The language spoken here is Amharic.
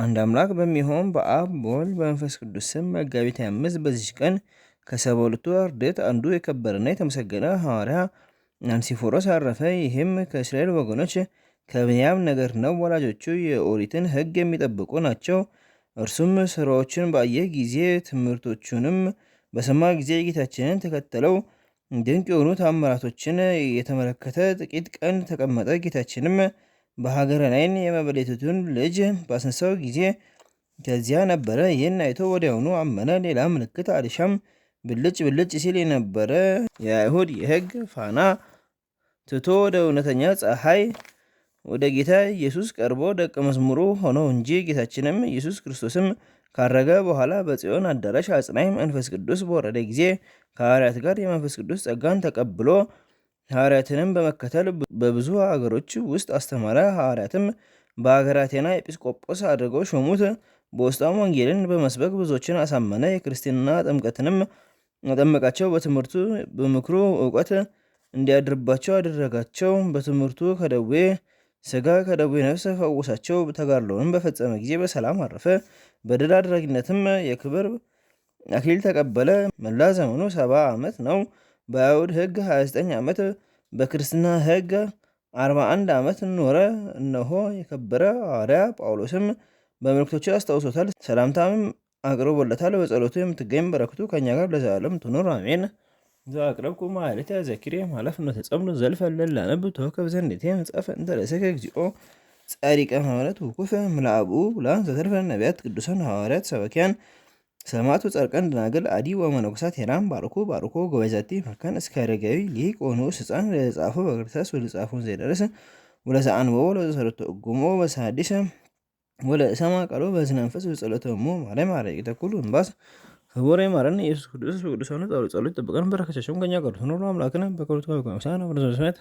አንድ አምላክ በሚሆን በአብ በወልድ በመንፈስ ቅዱስ ስም መጋቢት 25 በዚች ቀን ከሰባ ሁለቱ አርድእት አንዱ የከበረና የተመሰገነ ሐዋርያ ናንሲፎሮስ አረፈ። ይህም ከእስራኤል ወገኖች ከብንያም ነገር ነው። ወላጆቹ የኦሪትን ሕግ የሚጠብቁ ናቸው። እርሱም ስራዎችን ባየ ጊዜ ትምህርቶቹንም በሰማ ጊዜ ጌታችንን ተከተለው። ድንቅ የሆኑ ተአምራቶችን የተመለከተ ጥቂት ቀን ተቀመጠ። ጌታችንም በሀገር ላይን የመበለቲቱን ልጅ ባስነሳው ጊዜ ከዚያ ነበረ። ይህን አይቶ ወዲያውኑ አመነ። ሌላ ምልክት አልሻም ብልጭ ብልጭ ሲል የነበረ የአይሁድ የሕግ ፋና ትቶ ወደ እውነተኛ ፀሐይ ወደ ጌታ ኢየሱስ ቀርቦ ደቀ መዝሙሩ ሆነው እንጂ ጌታችንም ኢየሱስ ክርስቶስም ካረገ በኋላ በጽዮን አዳራሽ አጽናኝ መንፈስ ቅዱስ በወረደ ጊዜ ከሐዋርያት ጋር የመንፈስ ቅዱስ ጸጋን ተቀብሎ ሐዋርያትንም በመከተል በብዙ አገሮች ውስጥ አስተማረ። ሐዋርያትም በአገራቴና ኤጲስቆጶስ አድርገው ሾሙት። በውስጧም ወንጌልን በመስበክ ብዙዎችን አሳመነ። የክርስትና ጥምቀትንም አጠመቃቸው። በትምህርቱ በምክሩ እውቀት እንዲያድርባቸው አደረጋቸው። በትምህርቱ ከደዌ ስጋ ከደዌ ነፍስ ፈወሳቸው። ተጋድሎንም በፈጸመ ጊዜ በሰላም አረፈ። በድል አድራጊነትም የክብር አክሊል ተቀበለ። መላ ዘመኑ ሰባ ዓመት ነው። በአይሁድ ሕግ 29 ዓመት በክርስትና ሕግ 41 ዓመት ኖረ። እነሆ የከበረ ሐዋርያ ጳውሎስም በመልእክቶቹ አስታውሶታል፣ ሰላምታም አቅርቦለታል። በጸሎቱ የምትገኝ በረከቱ ከእኛ ጋር ለዘላለም ትኑር አሜን። ዘአቅረብኩ ማለት ዘኪሬ ኃላፍነ ተጸምዶ ዘልፈለል ላነብ ተወከብ ዘንዴት መጽሐፈ እንተ ርእሰከ እግዚኦ ጻድቀ ማለት ውኩፍ ምልአቡ ላን ዘተርፈ ነቢያት ቅዱሳን ሐዋርያት ሰበኪያን ሰማዕቱ ጸርቀን ደናግል አዲ ወመነኮሳት ሄራን ባርኮ ባርኮ ጎበዛቲ መካን እስከ ረጋዊ ሊቅ ወንዑስ ህፃን ለጻፎ በክርስቶስ ወለጻፎን ዘይደረሰ ወለዘአንበቦ ዘሰረቶ እጉሞ በሳዲሰ ወለእሰማ ቃሎ በዝነ መንፈስ በጸሎተ እሞ ማርያም አረቂተ ኩሉ እንባስ ክቡር ይማረን ኢየሱስ ክርስቶስ በቅዱሳኑ ጸሎት ይጠብቀን። በረከታቸውም ከእኛ ጋር ትኑር። አምላክን በከብሩት ጋር